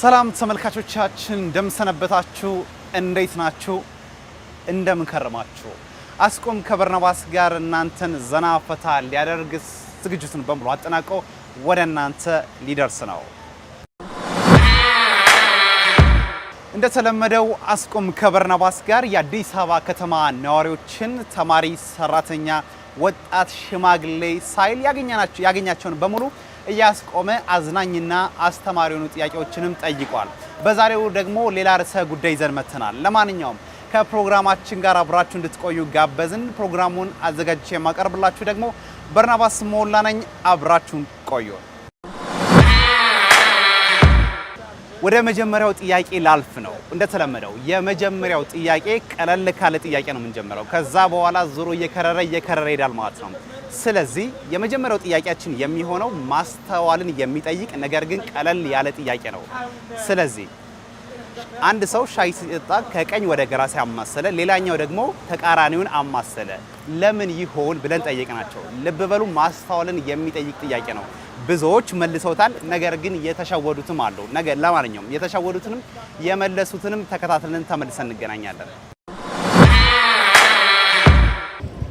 ሰላም ተመልካቾቻችን እንደምሰነበታችሁ፣ እንዴት ናችሁ? እንደምንከርማችሁ አስቆም ከበርናባስ ጋር እናንተን ዘና ፈታ ሊያደርግ ዝግጅቱን በሙሉ አጠናቆ ወደ እናንተ ሊደርስ ነው። እንደተለመደው አስቆም ከበርናባስ ጋር የአዲስ አበባ ከተማ ነዋሪዎችን፣ ተማሪ፣ ሰራተኛ፣ ወጣት፣ ሽማግሌ ሳይል ያገኛቸውን በሙሉ እያስቆመ አዝናኝና አስተማሪ የሆኑ ጥያቄዎችንም ጠይቋል። በዛሬው ደግሞ ሌላ ርዕሰ ጉዳይ ይዘን መጥተናል። ለማንኛውም ከፕሮግራማችን ጋር አብራችሁ እንድትቆዩ ጋበዝን። ፕሮግራሙን አዘጋጅቼ የማቀርብላችሁ ደግሞ በርናባስ ሞላ ነኝ። አብራችሁን ቆዩን። ወደ መጀመሪያው ጥያቄ ላልፍ ነው። እንደተለመደው የመጀመሪያው ጥያቄ ቀለል ካለ ጥያቄ ነው የምንጀምረው። ከዛ በኋላ ዞሮ እየከረረ እየከረረ ሄዳል ማለት ነው። ስለዚህ የመጀመሪያው ጥያቄያችን የሚሆነው ማስተዋልን የሚጠይቅ ነገር ግን ቀለል ያለ ጥያቄ ነው። ስለዚህ አንድ ሰው ሻይ ሲጠጣ ከቀኝ ወደ ግራ ሲያማሰለ፣ ሌላኛው ደግሞ ተቃራኒውን አማሰለ። ለምን ይሆን ብለን ጠየቅናቸው። ልብ በሉ ማስተዋልን የሚጠይቅ ጥያቄ ነው። ብዙዎች መልሰውታል። ነገር ግን የተሸወዱትም አሉ። ነገ ለማንኛውም የተሸወዱትንም የመለሱትንም ተከታትለን ተመልሰን እንገናኛለን።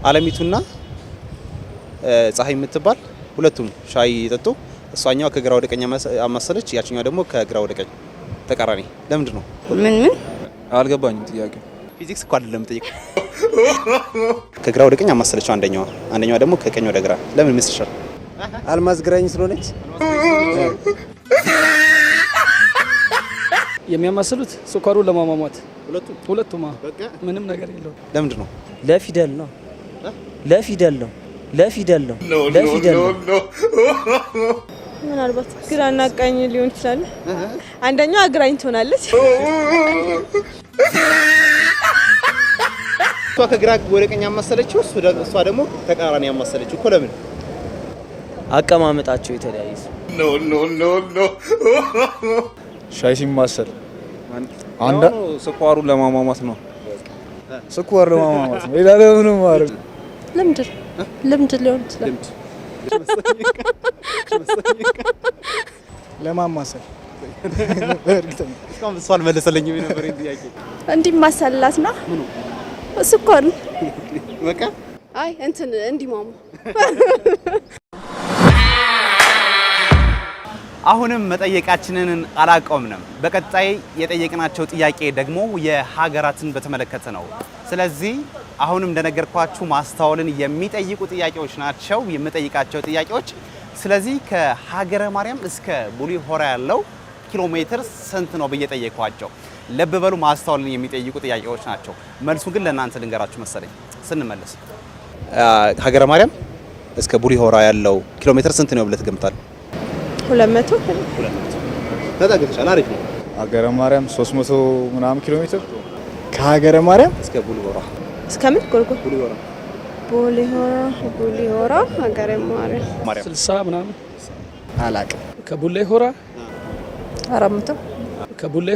አለሚቱና ፀሐይ የምትባል ሁለቱም ሻይ የጠጡ እሷኛዋ ከግራ ወደ ቀኝ አማሰለች፣ ያችኛዋ ደግሞ ከግራ ወደ ቀኝ ተቃራኒ። ለምንድን ነው ምን ምን አልገባኝም። ጥያቄ ፊዚክስ እኮ አይደለም ጠይቅ። ከግራ ወደ ቀኝ አመሰለችው አንደኛዋ፣ አንደኛዋ ደግሞ ከቀኝ ወደ ግራ። ለምን ይመስልሻል? አልማዝ ግራኝ ስለሆነች የሚያማስሉት ስኳሩን ለማሟሟት ሁለቱም ምንም ነገር የለውም። ለምንድን ነው? ለፊደል ነው። ለፊደል ነው። ለፊደል ነው። ለፊደል ነው። ምናልባት ግራና ቀኝ ሊሆን ይችላል። አንደኛዋ ግራኝ ትሆናለች። እሷ ከግራ ወደ ቀኝ ያማሰለችው፣ እሷ ደግሞ ተቃራኒ ያማሰለችው እኮ ለምን አቀማመጣቸው የተለያየ ሻይ ሲማሰል ስኳሩ ለማሟሟት ነው። ስኳር ለማሟሟት ነው። ሌላ ለሆነ ማድረግ ልምድ ልምድ ሊሆን ይችላል። ለማማሰል እስካሁን እሷ አልመለሰለኝም የነበረኝ ጥያቄ እንዲማሰልላት ነው። ስኳር በቃ አይ እንትን እንዲሟሟ አሁንም መጠየቃችንን አላቆምንም። በቀጣይ የጠየቅናቸው ጥያቄ ደግሞ የሀገራትን በተመለከተ ነው። ስለዚህ አሁንም እንደነገርኳችሁ ማስተዋልን የሚጠይቁ ጥያቄዎች ናቸው የምጠይቃቸው ጥያቄዎች። ስለዚህ ከሀገረ ማርያም እስከ ቡሌ ሆራ ያለው ኪሎ ሜትር ስንት ነው ብዬ ጠየኳቸው። ልብ በሉ ማስተዋልን የሚጠይቁ ጥያቄዎች ናቸው። መልሱ ግን ለእናንተ ልንገራችሁ መሰለኝ። ስንመለስ ሀገረ ማርያም እስከ ቡሌ ሆራ ያለው ኪሎ ሜትር ስንት ነው ብለህ ትገምታለህ? ሁለት መቶ ተጠግተሻል። አሪፍ ነው። ሀገረ ማርያም 300 ምናምን ኪሎ ሜትር ከሀገረ ማርያም እስከ ቡልሆራ እስከ ምን ጎልጎል ቡልሆራ ቡልሆራ ቡልሆራ ሀገረ ማርያም 60 ምናምን አላቅም። ከቡሌ 400 ከቡሌ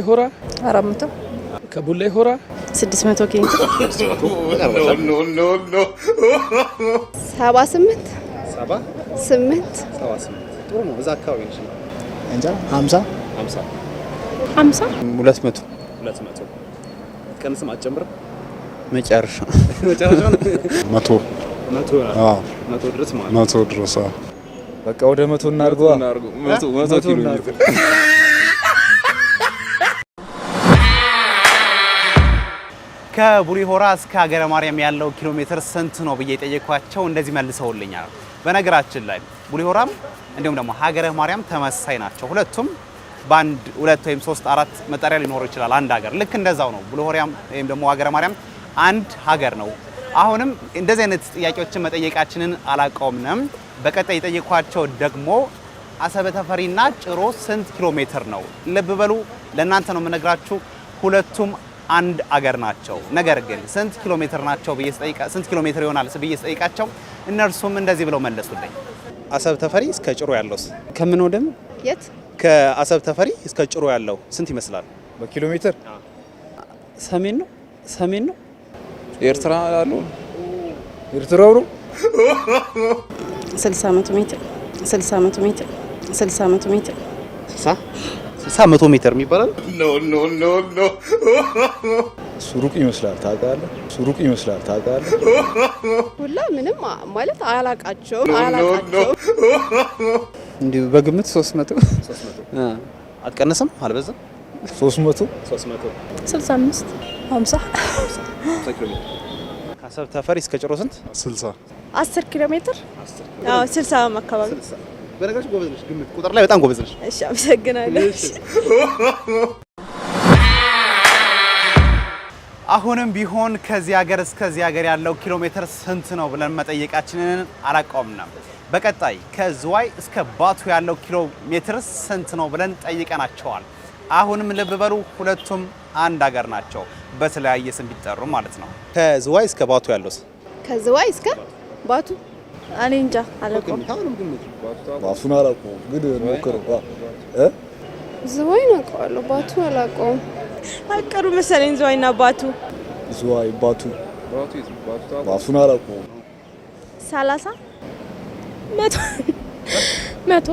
400 ከቡሌ 600 ኪሎ 78 78 ጥሩ ነው። እዛ አካባቢ ይችላል እንጃ 50 50 50 200 200 ቀንስም አትጨምርም። መጨረሻ መጨረሻ ነው። መቶ መቶ አዎ መቶ ድረስ ማለት መቶ ድረስ አዎ በቃ ወደ መቶ እናድርገዋ። መቶ መቶ ኪሎ ሜትር ከቡሌ ሆራ እስከ ሀገረ ማርያም ያለው ኪሎ ሜትር ስንት ነው ብዬ ጠየኳቸው። እንደዚህ መልሰውልኛል። በነገራችን ላይ ሆራም እንዲሁም ደግሞ ሀገረ ማርያም ተመሳይ ናቸው። ሁለቱም በአንድ ሁለት ወይም ሶስት አራት መጠሪያ ሊኖሩ ይችላል አንድ ሀገር። ልክ እንደዛው ነው። ሆራም ወይም ደግሞ ሀገረ ማርያም አንድ ሀገር ነው። አሁንም እንደዚህ አይነት ጥያቄዎችን መጠየቃችንን አላቆምንም። በቀጣይ የጠየኳቸው ደግሞ አሰበ ተፈሪና ጭሮ ስንት ኪሎ ሜትር ነው? ልብ በሉ፣ ለእናንተ ነው የምነግራችሁ። ሁለቱም አንድ አገር ናቸው። ነገር ግን ስንት ኪሎ ሜትር ናቸው ብዬ ስጠይቃ ስንት ኪሎ ሜትር ይሆናል ብዬ ስጠይቃቸው እነርሱም እንደዚህ ብለው መለሱልኝ። አሰብ ተፈሪ እስከ ጭሮ ያለውስ? ከምን ወደም የት? ከአሰብ ተፈሪ እስከ ጭሮ ያለው ስንት ይመስላል በኪሎ ሜትር? ሰሜን ነው ሰሜን ነው። ኤርትራ አሉ ኤርትራ ብሎ 60 መቶ ሜትር 60 መቶ ሜትር 60 መቶ ሜትር 60 60 መቶ ሜትር የሚባላል ኖ ኖ ኖ ኖ እሱ ሩቅ ይመስላል ታውቃለህ ራሱ ሩቅ ይመስላል ታውቃለህ። ሁላ ምንም ማለት አላቃቸው አላቃቸው እንዲሁ በግምት ሶስት መቶ አትቀንስም፣ አልበዛም። ሶስት መቶ ስልሳ አምስት ሀምሳ ከአሰብ ተፈሪ እስከ ጭሮ ስንት? ስልሳ አስር ኪሎ ሜትር ስልሳ አካባቢ በነገራችን ጎበዝ ነሽ፣ ግምት ቁጥር ላይ በጣም ጎበዝ ነሽ። እሺ አመሰግናለሁ። አሁንም ቢሆን ከዚህ ሀገር እስከዚህ ሀገር ያለው ኪሎ ሜትር ስንት ነው ብለን መጠየቃችንን አላቆምንም። በቀጣይ ከዝዋይ እስከ ባቱ ያለው ኪሎ ሜትር ስንት ነው ብለን ጠይቀናቸዋል። አሁንም ልብ በሉ ሁለቱም አንድ ሀገር ናቸው፣ በተለያየ ስም ቢጠሩ ማለት ነው። ከዝዋይ እስከ ባቱ ያለው ከዝዋይ እስከ ባቱ እኔ እንጃ አላውቀውም። ባቱን አላውቀውም፣ ግን ሞክር ዝዋይ ነው አውቀዋለሁ፣ ባቱ አላውቀውም። አቀሩ መሰለኝ ዝዋይና ባቱ ዝዋይ ባቱ ባቱን አላውቀውም። ሰላሳ መቶ መቶ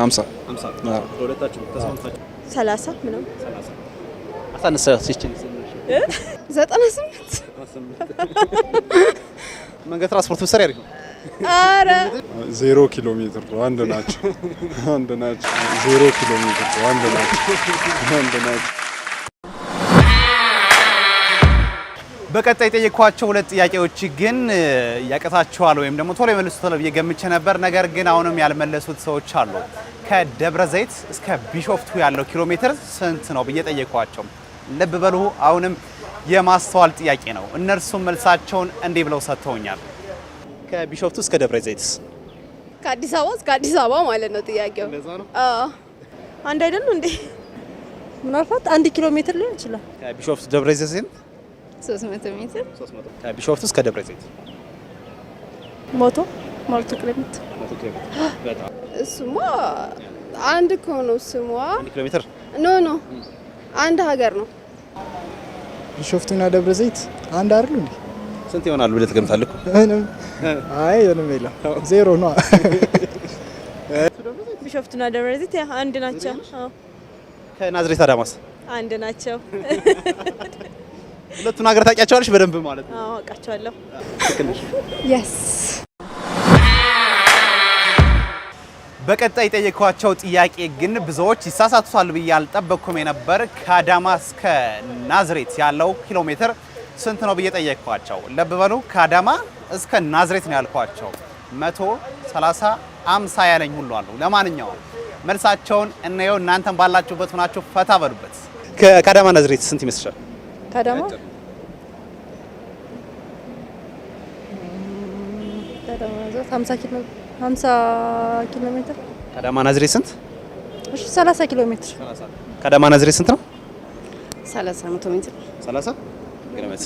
ሀምሳ ሰላሳ ምናምን ዘጠና ስምንት መንገድ ትራንስፖርት መሰሪያ አሪፍ ነው። አረ ዜሮ ኪሎ ሜትር ነው። አንድ ናቸው፣ አንድ ናቸው። ዜሮ ኪሎ ሜትር ነው። አንድ ናቸው፣ አንድ ናቸው። በቀጣይ የጠየኳቸው ሁለት ጥያቄዎች ግን ያቀታችኋል ወይም ደግሞ ቶሎ የመልሱታል ብዬ ገምቼ ነበር። ነገር ግን አሁንም ያልመለሱት ሰዎች አሉ። ከደብረ ዘይት እስከ ቢሾፍቱ ያለው ኪሎ ሜትር ስንት ነው ብዬ ጠየኳቸው። ልብ በሉ አሁንም የማስተዋል ጥያቄ ነው። እነርሱም መልሳቸውን እንዲህ ብለው ሰጥተውኛል። ከቢሾፍቱ እስከ ደብረ ዘይትስ? ከአዲስ አበባ እስከ አዲስ አበባ ማለት ነው ጥያቄው። አንድ አይደሉ እንዴ? ምናልባት አንድ ኪሎ ሜትር ሊሆን ይችላል። ከቢሾፍቱ ደብረ ዘይት ሶስት መቶ ሜትር። ከቢሾፍቱ እስከ ደብረ ዘይት ሞቶ ሞልቶ ኪሎ እሱማ አንድ እኮ ነው ስሟ። ኪሎ ሜትር ኖ ኖ አንድ ሀገር ነው ቢሾፍቱና ደብረ ዘይት አንድ አይደሉ እንዴ? ስንት ይሆናሉ ብለህ ትገምታለህ? ምንም አይ ምንም የለም ዜሮ ነው። ቢሾፍቱና ደብረ ዘይት አንድ ናቸው። ከናዝሬት አዳማስ አንድ ናቸው። ሁለቱን ሀገር ታውቂያቸዋለሽ በደንብ ማለት ነው? አዎ አውቃቸዋለሁ። የስ በቀጣይ የጠየኳቸው ጥያቄ ግን ብዙዎች ይሳሳቱታል ብዬ አልጠበቅኩም የነበር ከአዳማ እስከ ናዝሬት ያለው ኪሎ ሜትር ስንት ነው ብዬ ጠየቅኳቸው። ልብ በሉ ከአዳማ እስከ ናዝሬት ነው ያልኳቸው። መቶ ሰላሳ አምሳ ያለኝ ሁሉ አሉ። ለማንኛውም መልሳቸውን እነየው። እናንተም ባላችሁበት ሆናችሁ ፈታ በሉበት። ከአዳማ ናዝሬት ስንት ይመስልሻል? ከአዳማ ከአዳማ ናዝሬት ስንት? ሰላሳ ኪሎ ሜትር ከአዳማ ናዝሬት ስንት ነው? ሰላሳ መቶ ሜትር ግርምት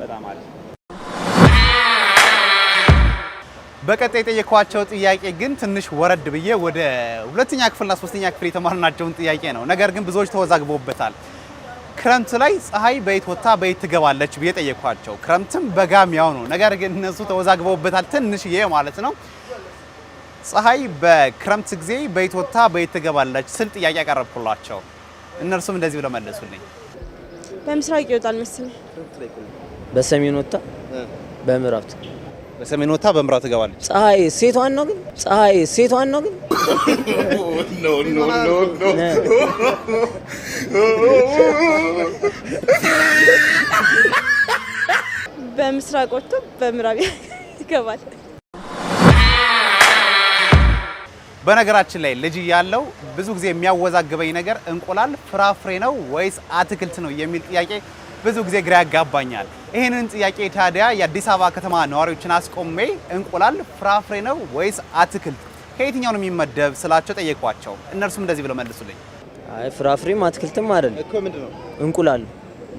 በጣም አሪፍ። በቀጣይ የጠየኳቸው ጥያቄ ግን ትንሽ ወረድ ብዬ ወደ ሁለተኛ ክፍልና ሶስተኛ ክፍል የተማርናቸውን ጥያቄ ነው። ነገር ግን ብዙዎች ተወዛግቦበታል። ክረምት ላይ ፀሐይ በየት ወጥታ በየት ትገባለች ብዬ ጠየኳቸው። ክረምትም በጋም ያው ነው። ነገር ግን እነሱ ተወዛግበውበታል ይሄ ማለት ነው። ፀሐይ በክረምት ጊዜ በየት ወጥታ በየት ትገባለች ስል ጥያቄ ያቀረብኩላቸው እነርሱም እንደዚህ ብለው መለሱልኝ። በምስራቅ ይወጣል መሰለኝ። በሰሜን ወጣ በምዕራብ በሰሜን ወጣ በምዕራብ ትገባለች። ፀሐይ ሴቷን ነው ግን ፀሐይ ሴቷን ነው ግን በምስራቅ ወጥቶ በምዕራብ ይገባል። በነገራችን ላይ ልጅ ያለው ብዙ ጊዜ የሚያወዛግበኝ ነገር እንቁላል ፍራፍሬ ነው ወይስ አትክልት ነው የሚል ጥያቄ ብዙ ጊዜ ግራ ያጋባኛል። ይህንን ጥያቄ ታዲያ የአዲስ አበባ ከተማ ነዋሪዎችን አስቆሜ እንቁላል ፍራፍሬ ነው ወይስ አትክልት ከየትኛው ነው የሚመደብ ስላቸው ጠየኳቸው። እነርሱም እንደዚህ ብለው መልሱልኝ፣ አይ ፍራፍሬም አትክልትም አይደለም እኮ ምንድን ነው እንቁላል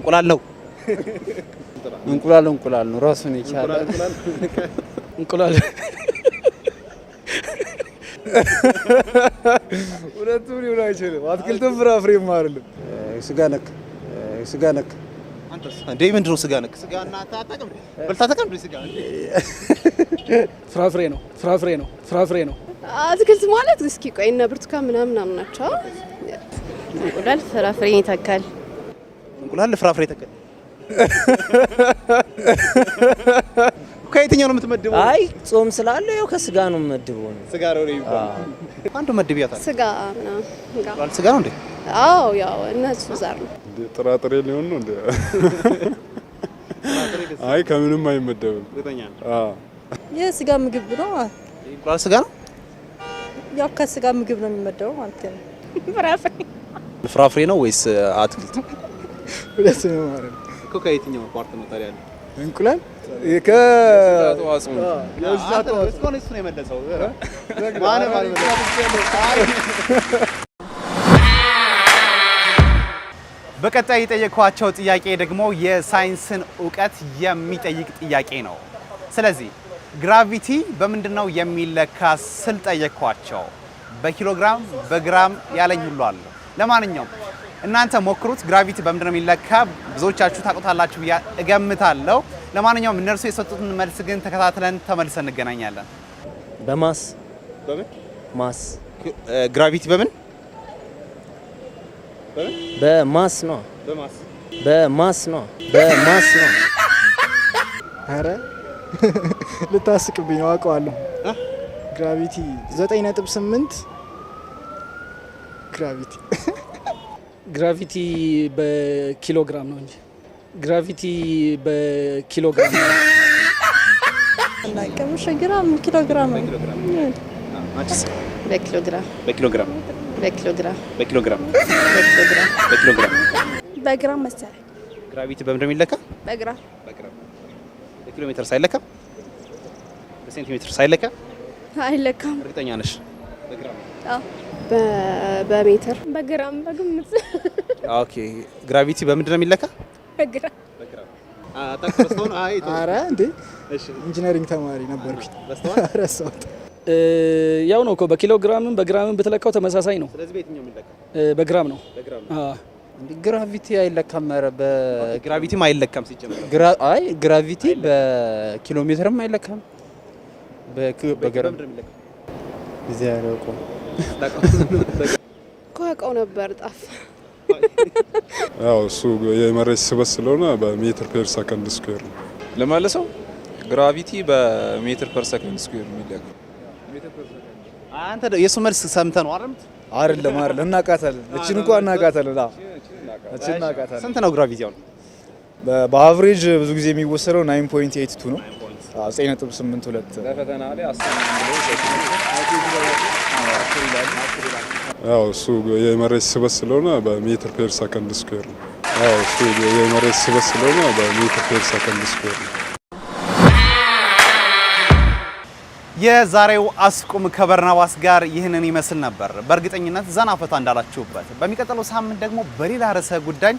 እንቁላል ነው። እንቁላል እንቁላል ነው ራሱን ይቻላል እንቁላል ሁለቱም ሊሆን አይችልም። አትክልትም ፍራፍሬም አይደለም። ስጋ ነክ ስጋ ነክ እንዴ ምንድን ነው ስጋ ነክ? ስጋ ፍራፍሬ ነው። ፍራፍሬ ነው። ፍራፍሬ ነው። አትክልት ማለት እስኪ ቆይ እና ብርቱካን ምናምን ምናምን ናቸው። እንቁላል ፍራፍሬን ይተካል። እንቁላል ፍራፍሬ ይተካል። ከየትኛው ነው የምትመድቡ? አይ ጾም ስላለ ያው ከስጋ ነው የምመድበው። ስጋ ነው የሚባለው። አንዱ መድብ ያታል ስጋ ነው ስጋ ነው እንዴ? አዎ ያው እነሱ ዘር ነው ጥራጥሬ ሊሆን ነው እንዴ? አይ ከምንም አይመደብም። አዎ የስጋ ምግብ ነው ይባል ስጋ ነው ያው ከስጋ ምግብ ነው የሚመደበው ማለት ነው። ፍራፍሬ ፍራፍሬ ነው ወይስ አትክልት? ሁለቱም ነው ማለት ነው። ከየትኛው ፓርት ነው ታዲያ እንቁላል በቀጣይ የጠየኳቸው ጥያቄ ደግሞ የሳይንስን እውቀት የሚጠይቅ ጥያቄ ነው። ስለዚህ ግራቪቲ በምንድን ነው የሚለካ ስል ጠየኳቸው። በኪሎግራም በግራም ያለኝ ሁሉ አለ። ለማንኛውም እናንተ ሞክሩት። ግራቪቲ በምንድን ነው የሚለካ? ብዙዎቻችሁ ታውቁታላችሁ እገምታለሁ። ለማንኛውም እነርሱ የሰጡትን መልስ ግን ተከታትለን ተመልሰን እንገናኛለን። በማስ በምን ማስ ግራቪቲ በምን በማስ ነው በማስ በማስ ነው በማስ ነው። አረ ልታስቅብኝ አውቀዋለሁ። ግራቪቲ 9.8 ግራቪቲ ግራቪቲ በኪሎግራም ነው እንጂ ግራቪቲ በኪሎግራም ግራም ኪሎግራም በግራም መሰለኝ። ግራቪቲ በምንድን ነው የሚለካ? በግራም በኪሎ ሜትር ሳይለካ በሴንቲሜትር ሳይለካ አይለካም። እርግጠኛ ነሽ? በሜትር በግራም በግምት ኦኬ። ግራቪቲ በምንድን ነው የሚለካ? ኢንጂነሪንግ ተማሪ ነበርኩ። ያው ነው እኮ በኪሎግራምም በግራምም ብትለካው ተመሳሳይ ነው። በግራም ነው። ግራቪቲ አይለካም። ኧረ በግራቪቲም አይለካም አይ ግራቪቲ በኪሎ ሜትርም አይለካም። በግራም ነበር ጣፋ ያው እሱ የመሬት ስበት ስለሆነ በሜትር ፔር ሰከንድ ስኩዌር ነው። ለመልሰው ግራቪቲ በሜትር ፐር ሰከንድ ስኩዌር የሚለው አንተ የሱ መልስ ሰምተህ ነው አይደል? አይደለም አይደለም፣ እናቃታለን። እቺን እንኳን እናቃታለን። አዎ እናቃታለን። ስንት ነው ግራቪቲ? አሁን በአቨሬጅ ብዙ ጊዜ የሚወሰደው 9.82 ነው። 9.82 ለፈተና ላይ ያው እሱ የመሬት ስበት ስለሆነ በሜትር ፔር ሰከንድ ስኩዌር ነው። ያው እሱ የመሬት ስበት ስለሆነ በሜትር ፔር ሰከንድ ስኩዌር ነው። የዛሬው አስቁም ከበርናባስ ጋር ይህንን ይመስል ነበር። በእርግጠኝነት ዘና ፈታ እንዳላችሁበት፣ በሚቀጥለው ሳምንት ደግሞ በሌላ ርዕሰ ጉዳይ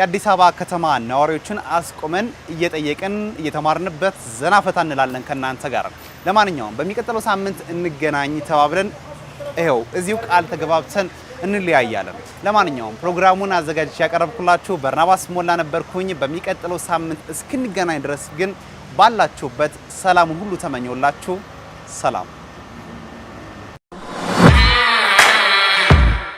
የአዲስ አበባ ከተማ ነዋሪዎችን አስቁመን እየጠየቅን እየተማርንበት ዘና ፈታ እንላለን ከእናንተ ጋር። ለማንኛውም በሚቀጥለው ሳምንት እንገናኝ ተባብለን ይኸው እዚሁ ቃል ተገባብተን እንለያያለን። ለማንኛውም ፕሮግራሙን አዘጋጅቼ ያቀረብኩላችሁ በርናባስ ሞላ ነበርኩኝ። በሚቀጥለው ሳምንት እስክንገናኝ ድረስ ግን ባላችሁበት ሰላም ሁሉ ተመኘውላችሁ። ሰላም